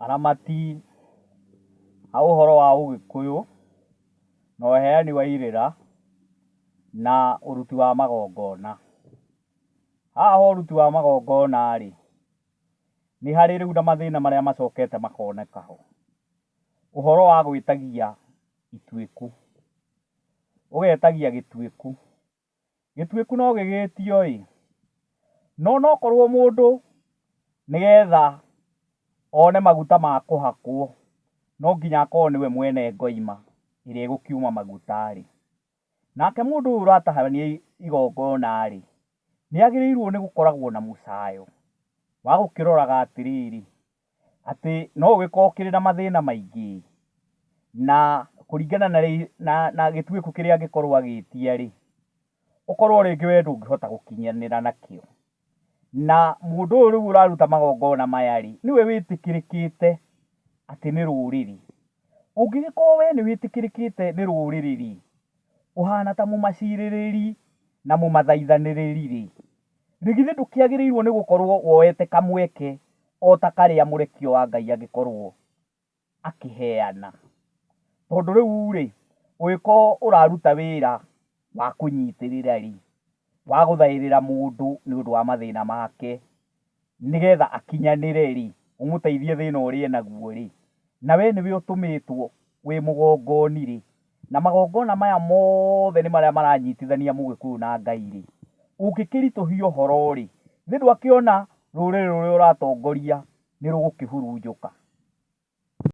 aramati a horo wa yå na heani wa ra na ruti wa magongona. Haha å ruti wa magongona nä harä rä u na marä a macokete makonekaho å horo wa tuä ku gä tuä ku no tio ä no nokorwo nä getha one maguta ma kuhakwo no nginya akorwo we mwene ngoima ĩrĩa ĩgũkiuma maguta ri Nake mũndũ ũyũ ũrataharania igongona ni nĩagĩrĩirwo ni gukoragwo na musayo wa gukiroraga atiriri ati no gĩkorwo kĩrĩ na mathina maingi na kuringana na gĩtuĩko kĩrĩa angĩkorwo agĩtia ri ũkorwo ringi wendu ndũngĩhota gukinyanira nakio na mundu uyu riu uraruta magongona maya ri niwe witikirikite ati ni ruriri. Ungigikorwo we ni witikirikite ni ruriri ri, uhana ta mumacirĩrĩri na mumathaithaniriri ri, ĩ githĩ ni gukorwo woete kamweke o ta karĩa mũrekio wa Ngai angĩkorwo akiheana tondu riu ri uiko uraruta wira wa kunyitirira ri wa guthairira mundu ni undu wa mathina make nigetha akinyanire ri umuteithie thina na naguo ri na we niwe utumitwo wi mugongoni ri na magongona maya mothe nä marä a maranyitithania må gä kå yå na ngai rä ũngä kä ritå hia horo rä ni ndwakä ona rå rä rä ni rä a å ratongoria nä rå gå kä hurunjå ka